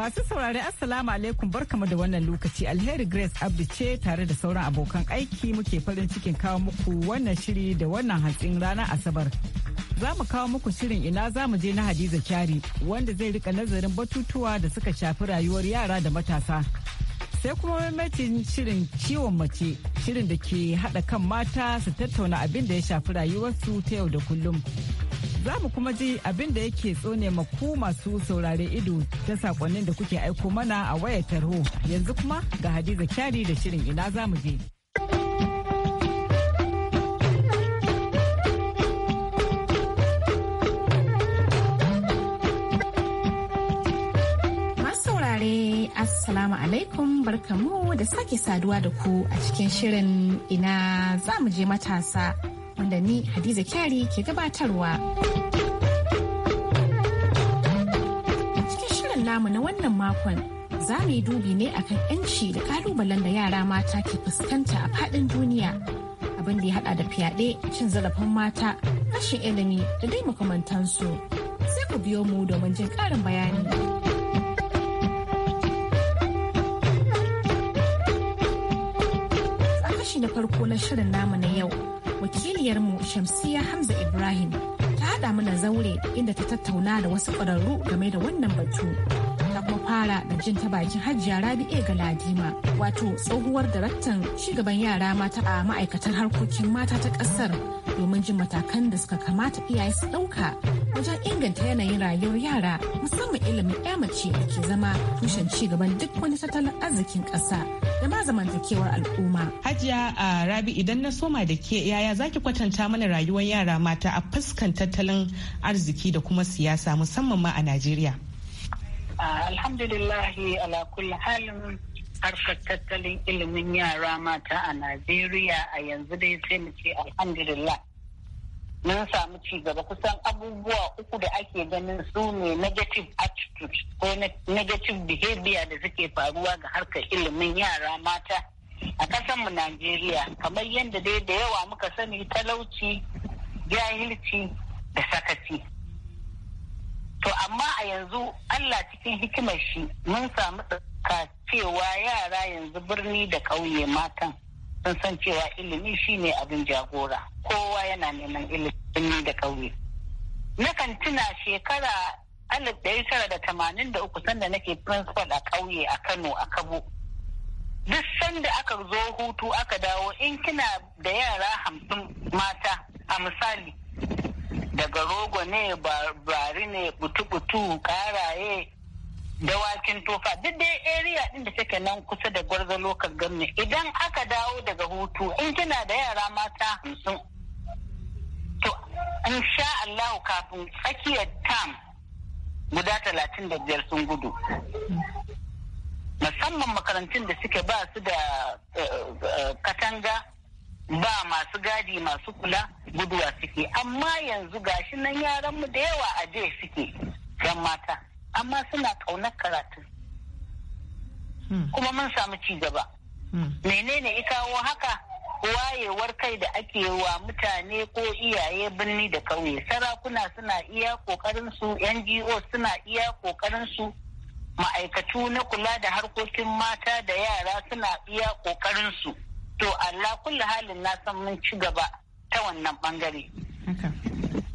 Masu saurari Assalamu alaikum barkamu da wannan lokaci alheri Grace Abdi ce tare da sauran abokan aiki muke farin cikin kawo muku wannan shiri da wannan hantsin ranar Asabar. Za mu kawo muku shirin ina za mu je na Hadiza Kyari wanda zai rika nazarin batutuwa da suka shafi rayuwar yara da matasa. Sai kuma mamacin shirin ciwon mace shirin da ke haɗa kan mata su tattauna abin da ya shafi rayuwarsu ta yau da kullum. Za mu kuma ji abin da yake tsone maku masu saurare ido ta sakonnin da kuke aiko mana a wayar tarho. Yanzu kuma ga Hadiza Kyari da shirin ina za mu je. Assalamu alaikum barkamu da sake saduwa da ku a cikin shirin ina za mu je matasa wanda ni Hadiza Kyari ke gabatarwa. Cikin shirin namu na wannan makon za mu yi dubi ne akan 'yanci da kalubalen da yara mata ke fuskanta a faɗin duniya. Abin da ya haɗa da fyaɗe, cin zarafin mata, rashin ilimi da dai makamantansu. Sai ku biyo mu domin jin ƙarin bayani. na farko na shirin namu na yau wakiliyarmu Shamsiya Hamza Ibrahim ta haɗa mana zaure inda ta tattauna da wasu ƙwararru game da wannan batu. kuma fara da jin ta bakin Hajiya Rabi'e ladima wato tsohuwar daraktan shugaban yara mata a ma'aikatar harkokin mata ta kasar domin jin matakan da suka kamata iyaye su ɗauka wajen inganta yanayin rayuwar yara musamman ilimin ya mace da ke zama tushen ci gaban duk wani tattalin arzikin ƙasa da ma zamantakewar al'umma. Hajiya a Rabi idan na soma da ke yaya zaki kwatanta mana rayuwar yara mata a fuskan tattalin arziki da kuma siyasa musamman ma a Najeriya. alhamdulillahi ala kulli halin harkar tattalin ilimin yara mata a najeriya a yanzu dai sai mu ce alhamdulillah mun samu ci gaba kusan abubuwa uku da ake ganin su ne negative attitude ko negative behavior da suke faruwa ga harkar ilimin yara mata a kasanmu najeriya kamar yadda dai da yawa muka sani talauci jahilci da sakaci To amma a yanzu Allah cikin hikimar shi mun samu ka cewa yara yanzu birni da ƙauye matan sun san cewa ilimi shi ne abin jagora kowa yana neman ilimi da ƙauye. Nakan tuna shekara alif ɗari tara da tamanin da uku sanda nake principal a ƙauye a Kano a Kabo. Duk sanda aka zo hutu aka dawo in kina da yara hamsin mata a misali daga rogo ne bari ne butu-butu karaye dawakin tofa duk dai area din da take nan kusa da gwarza lokal gamne idan aka dawo daga hutu in kina da yara mata hamsin to in sha Allah kafin tsakiyar tam guda talatin da biyar sun gudu musamman makarantun da suke ba su da eh, eh, katanga ba masu gadi masu kula guduwa suke amma yanzu gashi nan yaran mu da yawa a je suke yan mata amma suna kaunar karatu hmm. kuma mun samu ci gaba hmm. menene ya kawo haka wayewar kai da ake wa mutane ko iyaye birni da kauye sarakuna suna iya kokarin su ngo suna iya kokarin su ma'aikatu na kula da harkokin mata da yara suna iya kokarin su to Allah kulli halin na san mun ci gaba ta wannan bangare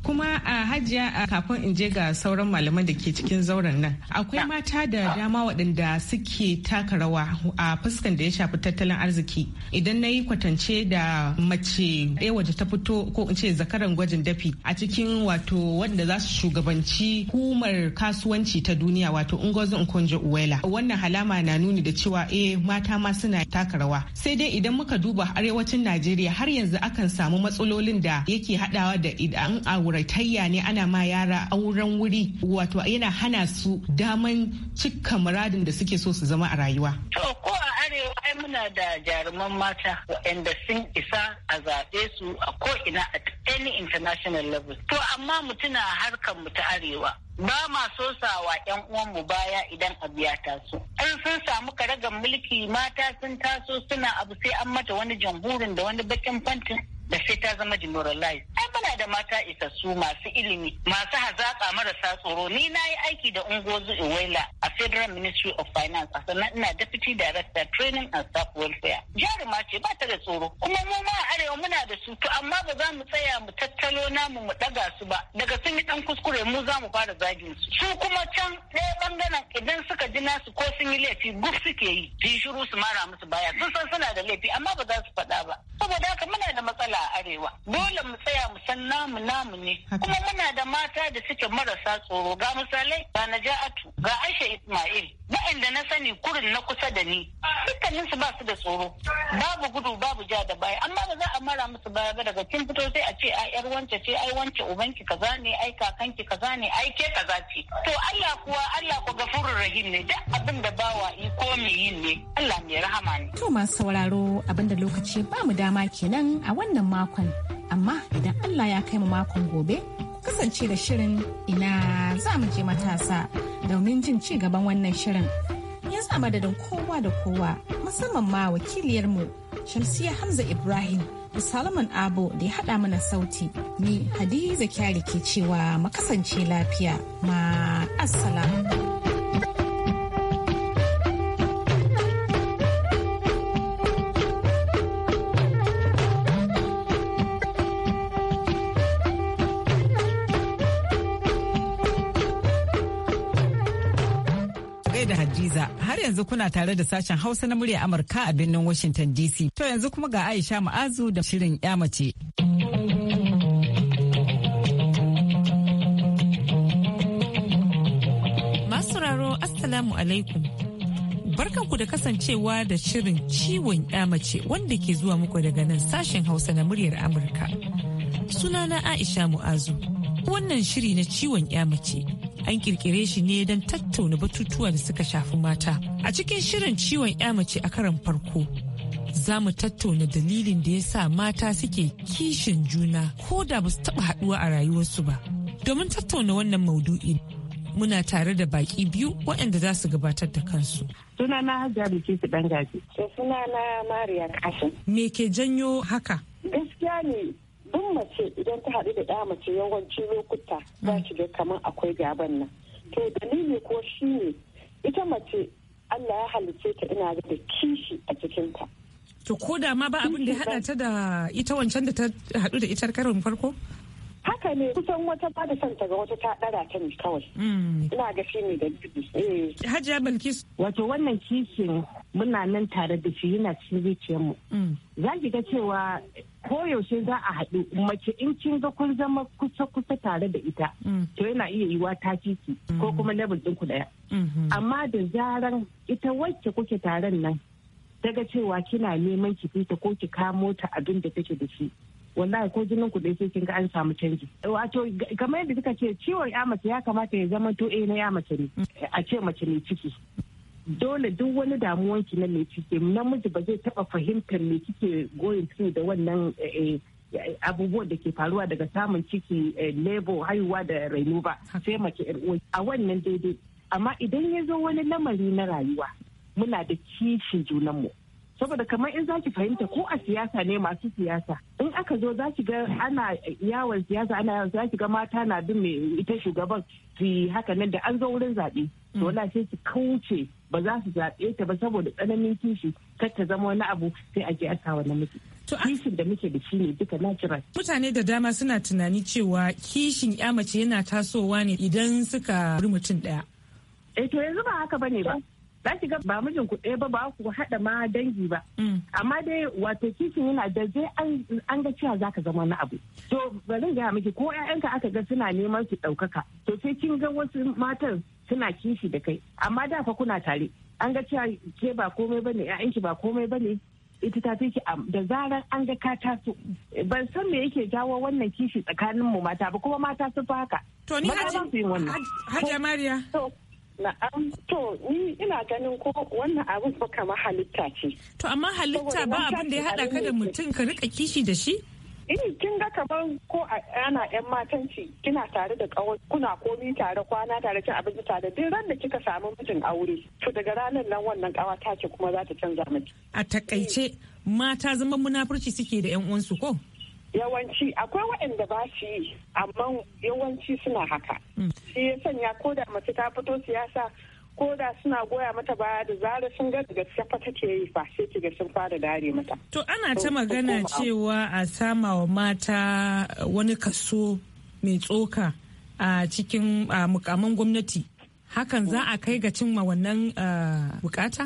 kuma a hajiya a kafin in je ga sauran malaman da ke cikin zauren nan akwai mata da dama waɗanda suke taka rawa a fuskan da ya shafi tattalin arziki idan na yi kwatance da mace ɗaya waje ta fito ko in ce zakaran gwajin dafi a cikin wato wanda za su shugabanci hukumar kasuwanci ta duniya wato ungozin nkonjo uwela wannan halama na nuni da cewa eh mata ma suna taka rawa sai dai idan muka duba arewacin najeriya har yanzu akan samu matsalolin da yake haɗawa da idan a auratayya ne ana ma yara auren wuri wato yana hana su daman cika muradin da suke so su zama a rayuwa. To ko a arewa ai muna da jaruman mata waɗanda sun isa a zaɓe su a ko ina a any international level. To amma mutuna harkar mu ta arewa ba ma so sawa yan uwanmu baya idan abu ya taso an sun samu karagar mulki mata sun taso suna abu sai an mata wani jamhurin da wani bakin fantin da sai ta zama demoralized ai muna da mata isassu masu ilimi masu hazaƙa marasa tsoro ni na yi aiki da ungozu iwela a federal ministry of finance a sannan ina deputy director training and staff welfare jaruma ce ba ta da tsoro kuma mu ma arewa muna da su to amma ba za mu tsaya mu tattalo namu mu daga su ba daga sun yi dan kuskure mu za mu fara zagin su su kuma can ɗaya ɓangaren idan suka ji nasu ko sun yi laifi guf suke yi su shiru su mara musu baya sun san suna da laifi amma ba za su faɗa ba dole mu tsaya mu san namu namu ne kuma muna da mata da suke marasa tsoro ga misalai ga naja'atu ga aisha ismail waɗanda na sani kurin na kusa da ni dukkanin su ba su da tsoro babu gudu babu ja da baya amma ba musu baya ba daga kin fito sai a ce ai yar wance ce ai wance ubanki kaza ne ai kakanki kaza ne ai ke kaza ce to Allah kuwa Allah ku gafurur rahim ne duk abin da bawa yi ko me yin ne Allah mai rahama ne to masu sauraro abinda lokaci ba mu dama kenan a wannan makon amma idan Allah ya kai mu makon gobe kasance da shirin ina za mu je matasa domin jin ci gaban wannan shirin ya sa madadin kowa da kowa musamman ma wakiliyarmu shamsiya hamza ibrahim da Solomon Abo da ya haɗa mana sauti. Ni Hadiza Kyari ke cewa makasance lafiya ma assalamu. Hamza. Har yanzu kuna tare da sashen Hausa na murya Amurka a birnin Washington DC. To yanzu kuma ga Aisha Ma'azu da shirin 'ya mace. Assalamu alaikum. Barkanku da kasancewa da shirin ciwon mace wanda ke zuwa muku daga nan sashen Hausa na muryar Amurka. Sunana Aisha Mu'azu. Wannan shiri na ciwon mace an kirkire shi ne don tattauna batutuwa da suka shafi mata. A cikin shirin ciwon ya mace a karan farko, za mu tattauna dalilin da ya sa mata suke kishin juna ko da ba su taɓa haɗuwa a rayuwarsu ba. Domin tattauna wannan maudu'i muna tare da baƙi biyu waɗanda za su gabatar da kansu. Sunana Hajiya Sunana Mariya Kashin. Me ke janyo haka? Gaskiya ne mace idan ta haɗu da ɗa mace yawanci lokuta za ta ga kamar akwai gaban nan to dalili ko shi ne ita mace Allah ya halice ta ina da kishi a jikinta. To ko da ma ba abin da ya haɗa ta da ita wancan da ta haɗu da ita karin farko? haka ne kusan wata ba da santa ga wata ta dara ta ne kawai hmm. ina ga shi ne da bibi eh. hajiya wato wannan kishin muna nan tare da shi yana cikin mu hmm. za ki ga cewa koyaushe za a haɗu mace in kin ga kun zama kusa-kusa tare da ita hmm. to yana iya yiwa ta kiki ko kuma level din ku ɗaya amma da zaran ita wacce kuke taron nan daga cewa kina neman ki fita ko ki kamo ta abin da take da shi wallahi ko jinin kuɗi sai kin ga an samu canji wato kamar yadda kika ce ciwon ya mace ya kamata ya zama to eh na ya mace ne a ce mace ne ciki dole duk wani damuwan ki na mai ciki namiji ba zai taba fahimtar me kike goyin through da wannan eh, eh, abubuwan da ke faruwa daga samun ciki eh, labor haihuwa da raino ba sai mace a wannan daidai amma idan ya zo wani lamari na rayuwa muna da kishin junanmu saboda kamar in zaki fahimta ko a siyasa ne masu siyasa in aka zo zaki ga ana yawon siyasa ana yawon zaki ga mata na bin mai ita shugaban su haka nan da an zo wurin zaɓe to na mm. sai su kauce ba za su zaɓe ta ba saboda tsananin kishi kar ta zama wani abu sai a je a sa wani miki kishin da muke da shi ne duka natural mutane da dama suna tunani cewa kishin ya mace yana tasowa ne idan suka mutum ɗaya eh to yanzu ba haka bane ba za ki ga ba mijin ku ɗaya ba ba ku haɗa ma dangi ba mm. amma dai wato kishin yana da zai an ga cewa za ka zama wani abu to bari gaya miki ko ƴaƴanka aka ga suna neman su ɗaukaka to sai kin ga wasu matan suna kishi da kai amma da fa kuna tare an ga cewa ke ba komai bane ƴaƴanki ba komai bane ita ta fi da zarar an ga ka taso ban san me yake jawo wannan kishi tsakanin mu mata ba kuma mata sun fi haka to ni hajiya mariya Na'am, to ni ina ganin ko wannan abin ba kama halitta ce. To amma halitta ba abin da ya haɗa ka da mutum ka rika kishi da shi? in eh, kin ga kamar ko ana yan matanci kina tare da kawai kuna komi tare kwana tare cin abinci tare duk ran da kika samu mijin aure to daga ranar nan wannan kawa ta ce kuma za ta canza miki a takaice mata zaman munafurci suke da yan uwansu ko yawanci akwai waɗanda ba su yi amma yawanci suna haka hmm. shi ya sanya ko da mace ta fito siyasa ko da suna goya mata baya da zara sun ga daga fa take yi fa sai kiga sun fara dare mata to ana ta magana cewa a sama wa mata wani kaso mai tsoka a cikin mukamman gwamnati hakan za a hmm. kai ga cimma wannan eh, bukata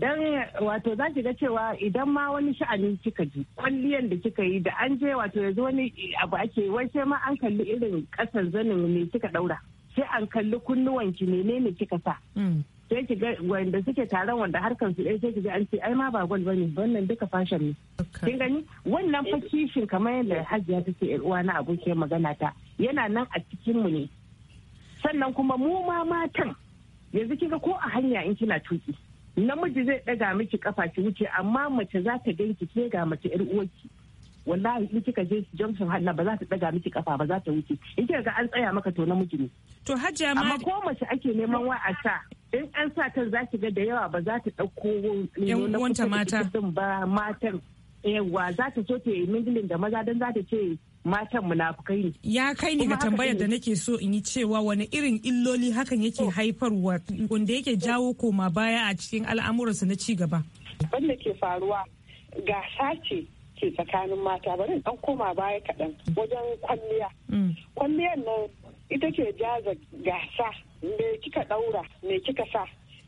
dan wato za ki ga cewa idan ma wani sha'ani kika ji kwalliyan da kika yi da an je wato yanzu wani abu ake wai sai ma an kalli irin kasan zanin ne kika daura sai an kalli kunnuwanki menene kika sa mm. sai ki ga wanda suke taron wanda harkar su ɗaya sai ki ga an ce ai ma ba gwal bane wannan duka fashion ne kin gani wannan fa kishin kamar yadda hajiya take yar uwa na abokiyar magana ta yana nan a cikin mu ne sannan kuma mu ma matan yanzu kika ko a hanya in kina tuki namiji zai ɗaga miki kafa ki wuce amma mace za ta ganki ke ga mace yar uwarki wallahi in kika je Johnson hannu ba za ta daga miki kafa ba za ta wuce in kika ga an tsaya maka to namiji ne to hajja ma amma ko mace ake neman wa a sa in an sa ta za ki ga da yawa ba za ta dauko wani mata ba matan yawa za ta so ta yi mingilin da maza don za ta ce matan munafukai ne. Ya kai ni ga tambayar da nake so in yi cewa wani irin illoli hakan yake haifarwa wanda yake jawo koma baya a cikin al'amuransa na ci gaba. Wanda ke faruwa gasa ce ke tsakanin mata bari dan koma baya kaɗan wajen kwalliya. Mm. Kwalliyar nan ita ke jaza gasa me kika ɗaura me kika sa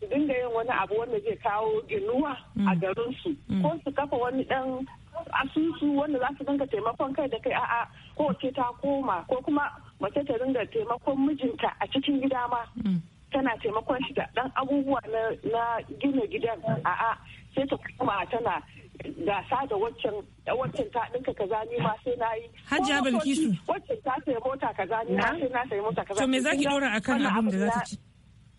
su dinga yin wani abu wanda zai kawo ginuwa mm. a garinsu mm. ko su kafa wani dan asusu wanda za su dinga taimakon kai da kai a'a ko ce ta koma ko kuma mace ta dinga taimakon mijinta a cikin gida ma mm. tana taimakon shi da dan abubuwa na gina gidan a'a sai ta koma tana gasa da waccan waccan ta dinka kaza ni ma sai na yi Hajiya Bilkisu waccan ta sai mota kaza ni ma sai na sai mota kaza to me zaki dora akan abin da za ta ci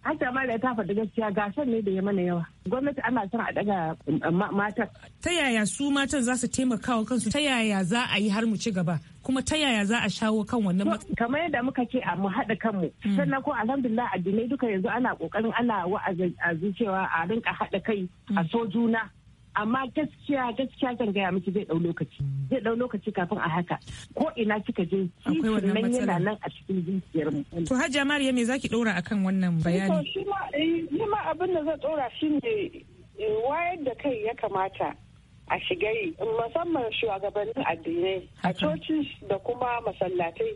Hajja da ta faɗi gaskiya gasar ne da ya mana yawa. Gwamnati ana son a daga mm, matan. Ta yaya su matan za su taimaka wa kansu? Ta yaya za a yi har mu ci gaba? Kuma ta yaya za a shawo kan wannan matsalar? Kamar yadda muka ce a mu haɗa kanmu. Mm. Sannan ko alhamdulillah addinai duka yanzu ana ƙoƙarin ana wa'azi cewa a rinka haɗa kai a mm. so juna. amma gaskiya gaskiya zan gaya miki zai dau lokaci zai dau lokaci kafin a haka ko ina kika je kishin nan yana nan a cikin zuciyar mu to hajja mariya me zaki dora akan wannan eh, bayani to shi eh, ma abin da zan dora shine eh, wayar da kai ya kamata a shiga musamman shugabannin addinai a coci da kuma masallatai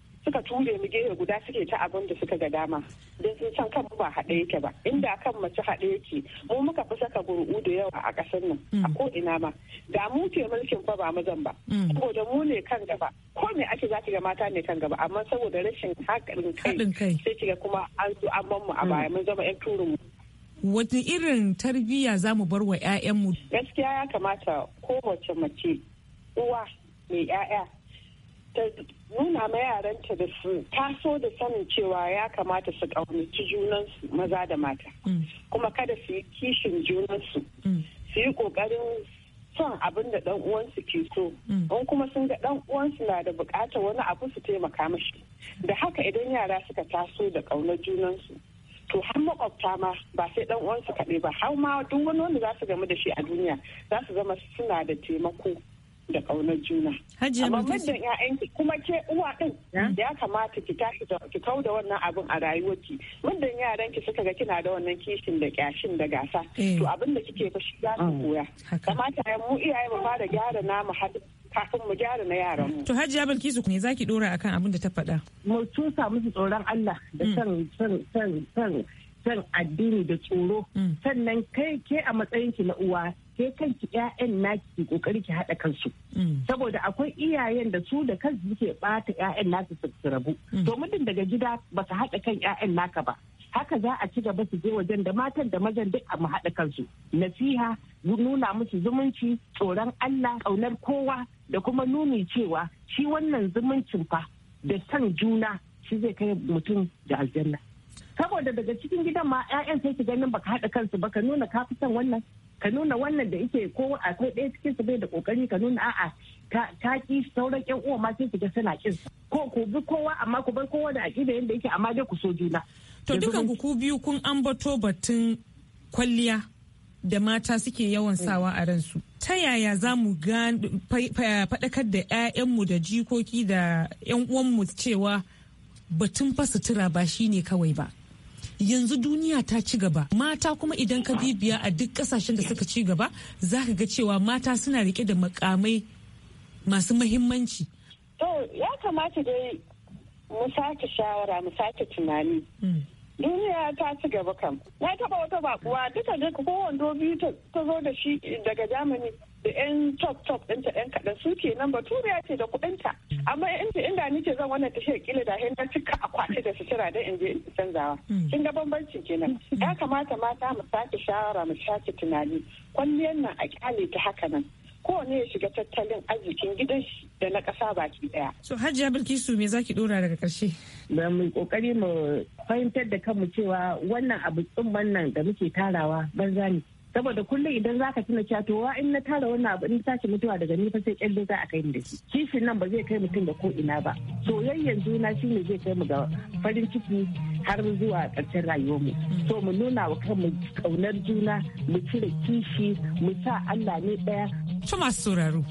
suka ture mu gefe guda suke ta abin da suka ga dama don sun san kan ba haɗe yake ba inda kan mace haɗe yake mu muka fi saka gurgu da yawa a ƙasar nan a mm. ko ina ma da mu ke mulkin fa ba mazan ba mm. saboda mu ne kan gaba ko me ake za ki ga mata ne kan gaba amma saboda rashin haƙarin kai sai ki ga kuma an zo an mu a baya mm. mun zama 'yan turin mu wata irin tarbiyya za mu bar wa mu. Gaskiya ya kamata kowace mace uwa mai 'ya'ya ta nuna ma yaranta da su taso da sanin cewa ya kamata su ƙaunaci junansu maza da mata mm. kuma kada su yi kishin junansu mm. su yi ƙoƙarin son abin da ɗan uwansu ke so mm. in kuma sun ga ɗan uwansu na da buƙatar wani abu su taimaka mashi da haka idan yara suka taso da ƙaunar junansu to har makwabta ma ba sai dan uwansu kaɗai ba har ma duk wani wanda za su gamu da shi a duniya za su zama suna da taimako da ƙaunar juna. Amma muddin ƴaƴanki kuma ke uwa ɗin ya kamata ki tashi ki kau da wannan abun a rayuwarki. Muddin ki suka ga kina da wannan kishin da kyashin da gasa. Eh. To abin da kike fashi za su ah, koya. Kamata mu iyaye mu fara gyara namu hadin kafin mu gyara na yaran mu. To Abul Bilkisu ne zaki dora akan abin da ta faɗa. Mu tusa musu tsoron Allah da mm. san san san san san addini da tsoro. Mm. Sannan kai ke a matsayin ki na uwa kan ki ƴaƴan naki ki kokari ki haɗa kansu mm. saboda akwai iyayen da su da kansu suke bata ƴaƴan nasu su rabu mm. to mutum daga gida ba baka haɗa kan ƴaƴan naka ba haka za a ci gaba su je wajen da matan da mazan duk a haɗa kansu nasiha nuna musu zumunci tsoron Allah ƙaunar kowa da kuma nuni cewa shi wannan zumuncin fa da san juna shi zai kai mutum da aljanna saboda daga cikin gidan ma 'ya'yan sai ki ganin baka haɗa kansu baka nuna ka fi wannan ka nuna wannan da yake ko akwai ɗaya cikin su bai da kokari ka nuna a'a ta ki sauran yan uwa ma sai su ga suna kin ko ku bi kowa amma ku bar kowa da aƙida yadda yake amma dai ku so juna to dukan ku biyu kun ambato batun kwalliya da mata suke yawan mm. sawa a ransu ta yaya za mu faɗakar da 'ya'yanmu da jikoki da 'yan uwanmu cewa batun fa sutura ba shine kawai ba yanzu duniya ta ci gaba mata kuma idan ka bibiya a duk kasashen da suka ci gaba za ka ga cewa mata suna rike da makamai masu mahimmanci to ya kamata dai mu sake shawara mu sake tunani hmm. duniya ta ci gaba kam na taba wata bakuwa duka duka ko wando biyu ta zo da shi daga jamani da yan top top ɗinta yan kaɗan suke nan nan baturiya ce da kuɗinta amma 'yan ni ce zan wannan tafiyar kila da hin cika akwati da su don in je in canzawa hmm. kin ga bambanci kenan hmm. ya kamata mata mu sake shawara mu sake tunani kwalliyar nan a kyale ta haka nan kowane ya shiga tattalin arzikin gidan shi da na ƙasa baki ɗaya. So Hajiya Bilkisu me zaki dora daga ƙarshe? Da mu kokari mu fahimtar da kanmu cewa wannan abu tsumman nan da muke tarawa banza ne. saboda kullum idan za ka tuna cewa in na tara wani abu in tashi mutuwa daga ni fa sai kyalle za a kai da shi kishin nan ba zai kai mutum da ko ina ba soyayyen juna shi ne zai kai mu ga farin ciki har zuwa ƙarshen rayuwarmu so mu nuna wa kanmu kaunar juna mu cire kishi mu sa Allah ne ɗaya. To masu sauraro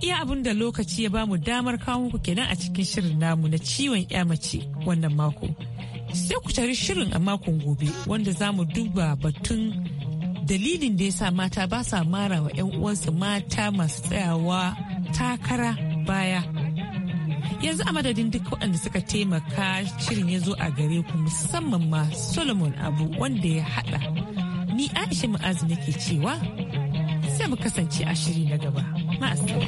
iya abin da lokaci ya bamu damar kawo muku kenan a cikin shirin namu na ciwon ya mace wannan mako sai ku tari shirin a makon gobe wanda za mu duba batun dalilin da ya sa mata ba sa mara wa 'yan uwansu mata masu tsayawa takara baya yanzu a madadin duk waɗanda suka taimaka shirin ya zo a gare ku musamman ma solomon abu wanda ya haɗa ni aisha mu'azu nake cewa sai mu kasance a shiri na gaba ma'asala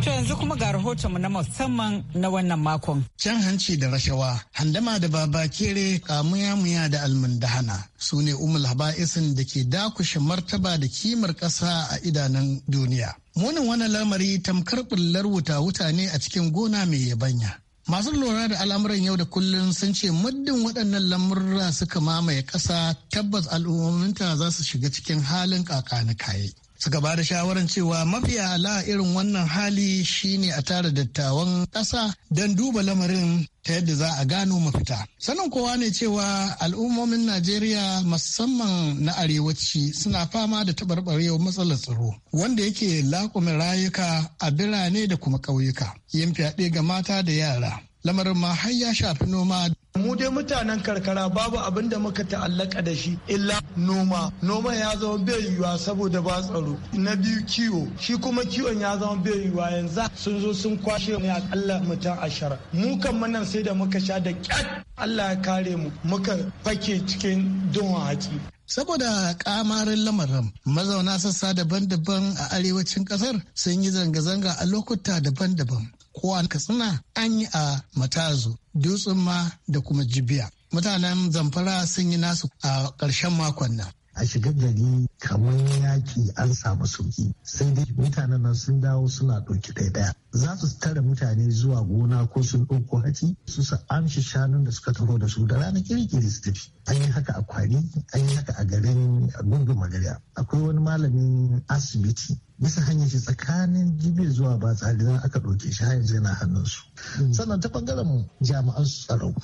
To yanzu kuma ga rahotonmu na musamman na wannan makon. Can hanci da rashawa, handama da baba kere kamuya-muya da almundahana su ne umul haba'isin da ke dakushe martaba da kimar ƙasa a idanun duniya. Munin wani lamari tamkar bullar wuta-wuta ne a cikin gona mai yabanya. Masu lura da al'amuran yau da kullum sun ce muddin waɗannan lamurra suka mamaye ƙasa tabbas al'ummominta za su shiga cikin halin na kaye. suka ba da shawarar cewa mafiya ala irin wannan hali shine a tara dattawan ƙasa don duba lamarin ta yadda za a gano mafita. Sanin kowa ne cewa al'ummomin Najeriya musamman na arewaci suna fama da taɓarɓarewar matsalar tsaro wanda yake lakumin rayuka a birane da kuma ƙauyuka, yin fyaɗe ga mata da yara. lamarin ma har ya shafi noma mu dai mutanen karkara babu abin da muka ta'allaka da shi illa noma noma ya zama bai yiwuwa saboda ba tsaro na biyu kiwo shi kuma kiwon ya zama bai yiwuwa yanzu sun zo sun kwashe mu akalla mutum ashara mu kan manan sai da muka sha da kyat Allah ya kare mu muka fake cikin don haki saboda kamarin lamarin mazauna sassa daban-daban a arewacin ƙasar sun yi zanga-zanga a lokuta daban-daban ko a katsina an yi a matazu dutsen ma da kuma jibiya mutanen zamfara sun yi nasu a ƙarshen makon nan a shiga gari kamar yaki an samu sauki sai dai mutanen nan sun dawo suna ɗauki ɗaya ɗaya za su tare mutane zuwa gona ko sun ɗauko haci su su amshi shanun da suka taho da su da rana kirkiri su tafi an yi haka a kwari an yi haka a garin gungun magariya akwai wani malamin asibiti bisa hanyar shi tsakanin jibi zuwa ba tsari aka ɗauke shi hanyar yanzu yana hannunsu hmm. sannan ta ɓangaren jami'an tsaro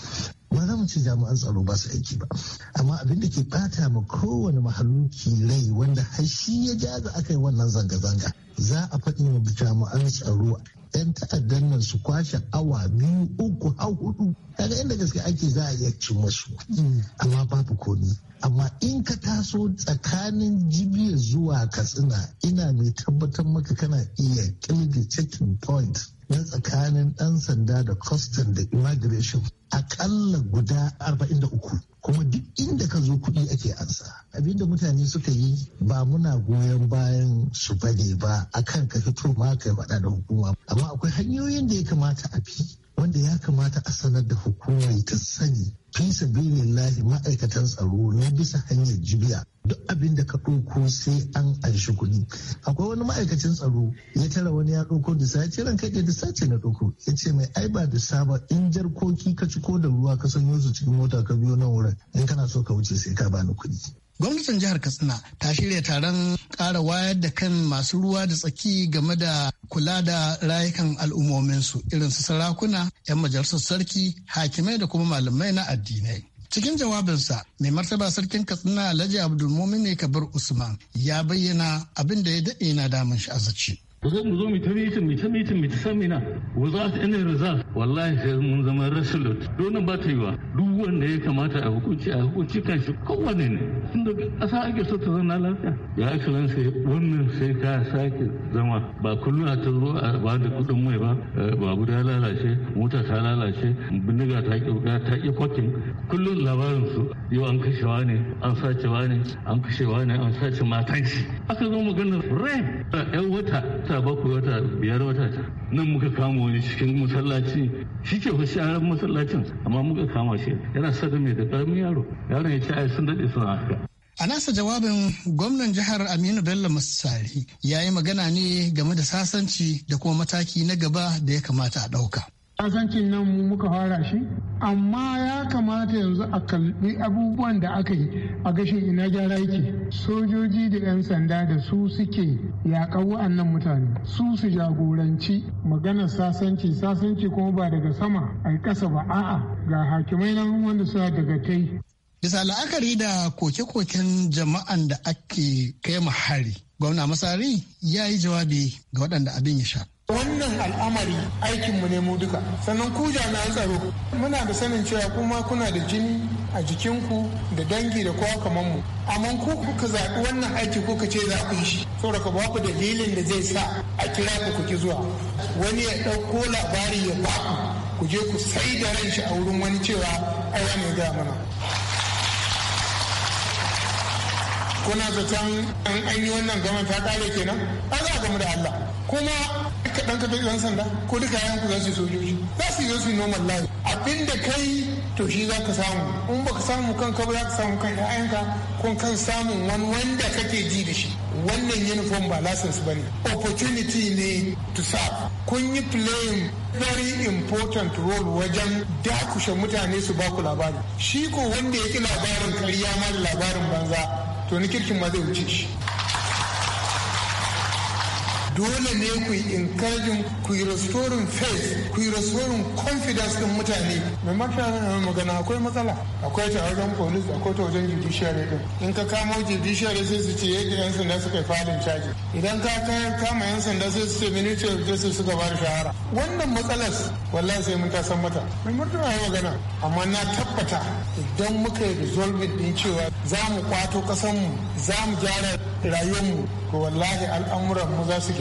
ba za mu ci jami'an tsaro ba su aiki ba amma abin da ke bata ma kowane mahaluki rai wanda har shi ya ja jaza aka yi wannan zanga-zanga za a faɗi ma jami'an tsaro 'yan ta'addan nan su kwashe awa biyu uku har hudu daga inda gaske ake za a iya ci musu amma babu komi amma in ka taso tsakanin jibiya zuwa katsina ina mai tabbatar maka kana iya kirga checking point na tsakanin ɗan sanda da custom da immigration akalla guda 43 kuma duk inda ka zo kuɗi ake ansa abinda mutane suka yi ba muna goyon bayan su bane ba akan ka fito ma kai faɗa da hukuma amma akwai hanyoyin da ya kamata a fi. wanda ya kamata a sanar da hukumai ta sani fi lahi ma'aikatan tsaro na bisa hanyar jibiya duk abin da ka ɗauko sai an anshi kuɗi akwai wani ma'aikacin tsaro ya tara wani ya ɗauko da ya ce ran kai sa ce na ɗauko ya ce mai ai ba sa ba in jarkoki ka ci ko da ruwa ka sanyo su cikin mota ka biyo nan wurin in kana so ka wuce sai ka bani kuɗi gwamnatin jihar katsina ta shirya taron ƙara wayar da kan masu ruwa da tsaki game da kula da rayukan al'ummominsu irin su sarakuna 'yan majalisar sarki hakimai da kuma malamai na addinai cikin jawabinsa mai martaba sarkin katsina alhaji abdulmumin kabir usman ya bayyana abin da ya daɗe na damun shi a zace ku mu zo mu ta mitin mu ta mitin mu ta samina without any result wallahi sai mun zama resolute donan ba ta yi wa duk wanda ya kamata a hukunci a hukunci kan shi kowane ne tunda ƙasa ake so ta zauna lafiya ya excellence wannan sai ka sake zama ba kullum a ta zo a ba da kuɗin mai ba eh, babu ta lalace mota ta lalace bindiga ta ki ta ki kwakin kullum labarin su yau an kashewa ne an sacewa ne an wa ne an sace matan shi aka zo maganar rain yan wata wata bakwai wata biyar wata ta nan muka kama wani cikin masallaci shi ke fashi a masallacin amma muka kama shi yana saka mai da karamin yaro yaron ya ce ai sun daɗe suna haka. A nasa jawabin gwamnan jihar Aminu Bello Masari ya yi magana ne game da sasanci da kuma mataki na gaba da ya kamata a ɗauka. kasancin nan mu muka fara shi amma ya kamata yanzu a kalli abubuwan da aka yi a gashin ina gyara yake sojoji da 'yan sanda da su suke yaƙar wa'annan mutane su su jagoranci maganar sasanci sasanci kuma ba daga sama a ƙasa ba a'a ga hakimai nan wanda suna daga tai bisa la'akari da koke-koken jama'an da ake kai hari gwamna masari ya yi jawabi ga waɗanda abin ya sha. wannan al'amari aikin mu ne mu duka sannan ku jami'an tsaro muna da sanin cewa kuma kuna da jini a jikinku da dangi da kowa kamar mu amma ku kuka zaɓi wannan aiki kuka ce za ku yi shi saboda ka baku dalilin da zai sa a kira ku ku ki zuwa wani ya ɗauko labari ya baku ku je ku sai da ran shi a wurin wani cewa ai wani ga mana kuna zaton an yi wannan gama ta kare kenan an za gamu da Allah kuma ka dan ka sanda ko duka yan ku za su sojoji za su yi su normal life abin da kai to shi za ka samu in baka samu ka ba za ka samu kan ayanka ko kan samun wani wanda kake ji da shi wannan uniform ba license ne. opportunity ne to serve kun yi playing very important role wajen dakushe mutane su baku labari shi ko wanda ya ki labarin karya ma labarin banza to ni kirkin ma zai wuce shi dole ne ku yi encouraging ku yi restoring faith ku yi restoring confidence din mutane mai makarar magana akwai matsala akwai ta wajen police akwai ta wajen judiciary din in ka kamo judiciary sai su ce yadda yan sanda suka fadin caji idan ka kama yan sanda sai su ce ministry of justice suka bada shahara wannan matsalar wallahi sai mun san mata mai martaba ya magana amma na tabbata idan muka yi resolving din cewa za mu kwato kasanmu za mu gyara rayuwarmu ko wallahi al'amuran mu za su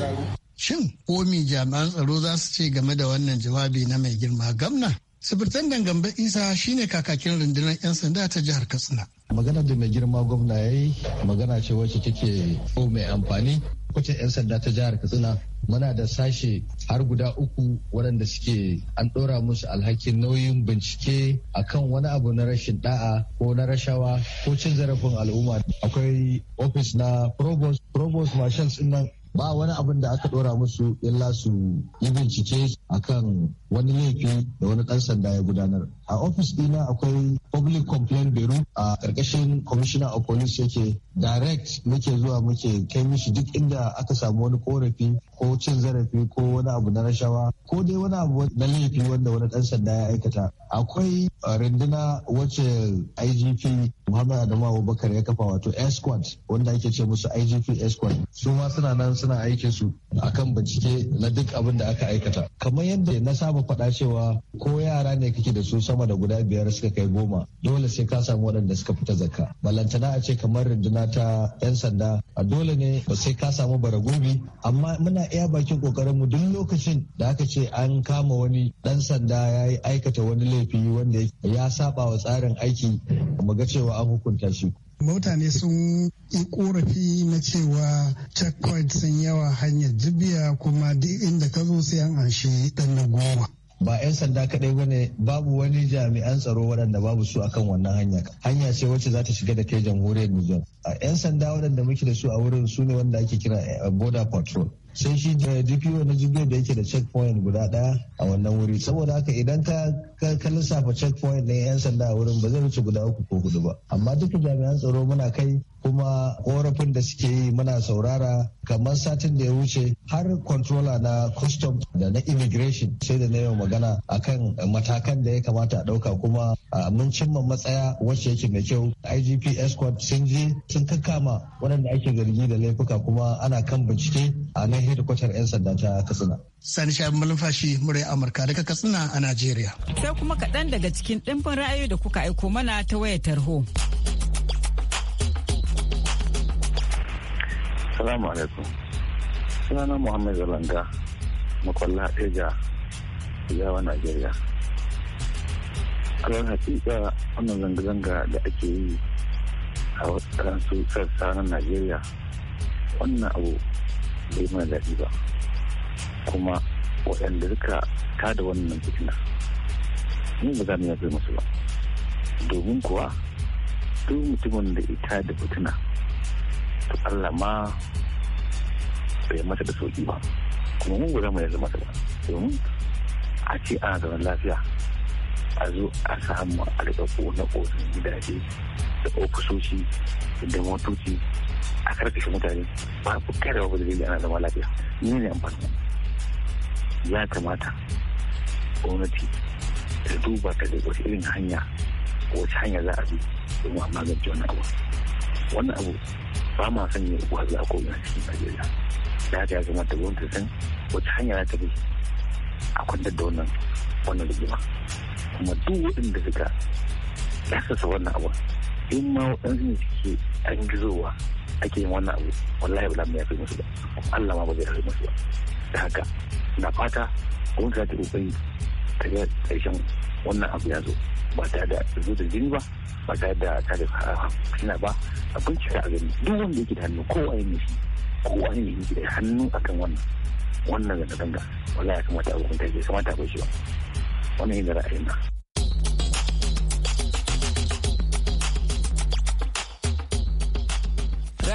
Shin komi jami'an tsaro za su ce game da wannan jawabi na mai girma gamna? Sufurtan gangambe Isa shine kakakin rundunar 'yan sanda ta jihar Katsina. Magana da mai girma gwamna ya yi magana ce wacce take mai amfani wacce 'yan sanda ta jihar Katsina muna da sashe har guda uku waɗanda suke an ɗora musu alhakin nauyin bincike akan wani abu na rashin da'a ko na rashawa ko cin zarafin al'umma akwai ofis na provost provost marshals nan ba wani abin da aka ɗora musu illa su yi bincike akan wani laifi da wani ɗan sanda ya gudanar. A ofis dina akwai Public Complaint Bureau a ƙarƙashin Commissioner of Police yake direct muke zuwa muke kai mishi duk inda aka samu wani korafi ko cin zarafi ko wani abu na rashawa ko dai wani abu na laifi wanda wani ɗan sanda ya aikata. Akwai uh, runduna wacce IGP Muhammad Adamu Abubakar ya kafa wato Esquad wanda ake ce musu IGP Esquad. Su ma suna nan suna aikin su akan bincike na duk abin da aka aikata. Kamar yadda na saba faɗa cewa ko yara ne kake da su sama da guda biyar suka kai goma dole sai ka samu waɗanda suka fita zakka balantana a ce kamar rinduna ta 'yan sanda a dole ne sai ka samu baragobi amma muna iya bakin kokarin mu duk lokacin da aka ce an kama wani ɗan sanda ya yi aikata wani laifi wanda ya saba wa tsarin aiki mu ga cewa an hukunta shi mutane sun yi korafi na cewa checkpoint sun yawa hanyar jibiya kuma duk inda ka zo sai an anshi dan na goma ba 'yan sanda kadai bane babu wani jami'an tsaro waɗanda babu su akan wannan hanya hanya ce wacce za ta shiga da kai jamhuriyar Nijar a 'yan sanda waɗanda muke da su a wurin su ne wanda ake kira eh, border patrol sai shi DPO eh, na jirgin da yake da checkpoint guda ɗaya a wannan wuri saboda haka idan ka ka lissafa checkpoint ne yan sanda a wurin ba zai wuce guda uku ko hudu ba amma duka jami'an tsaro muna kai kuma korafin da suke yi muna saurara kamar satin da ya wuce har controller na custom da na immigration sai da na yau magana akan matakan da ya kamata a ɗauka kuma mun cimma matsaya wacce yake mai kyau igp escort sun je sun kakama waɗanda ake zargi da laifuka kuma ana kan bincike a nan hedikwatar 'yan sanda ta katsina Sani Shabi Malumfashi murai Amurka daga Katsina a Najeriya. Sai kuma kaɗan daga cikin ɗimbin ra'ayoyi da kuka aiko mana ta wayar tarho. Salamu alaikum. Sunana Muhammad Zalanga, makwalla Eja, Yawa Najeriya. Alal hakika wannan zanga-zanga da ake yi a wasu sassa na Najeriya, wannan abu bai mana daɗi ba. kuma waɗanda suka tada wannan fitina mu ba za mu yafe musu ba domin kuwa duk mutumin da ita da fitina to Allah ma bai mata da sauki ba kuma mu ba mu yanzu mata ba domin a ce ana zaman lafiya a zo a samu a na ƙosin gidaje da ofisoshi da motoci a karkashin mutane ba ku ba da zai ana zama lafiya ne ne amfani ya kamata gwamnati ta duba ta da wasu irin hanya wace hanya za a bi domin a magance wannan abu wannan abu ba ma san ne uwa za a koya cikin najeriya ya ta ya kamata gwamnati san wace hanya za ta bi a kwantar da wannan wannan rigima kuma duk waɗanda suka sassa wannan abu in ma waɗansu ne suke an gizowa ake yin wannan abu wallahi ba mu yafi musu ba Allah ma ba zai yafi musu ba da haka na fata kun ta ubangi ta ga ƙarshen wannan abu ya zo ba tare da zo da jini ba ba tare da ta da fitina ba a bincika a gani duk wanda yake da hannu kowa ya nufi kowa ne yake da hannu akan wannan wannan zanga-zanga wallahi ya kamata a hukunta ya kamata a shi ba wannan yin ra'ayin na.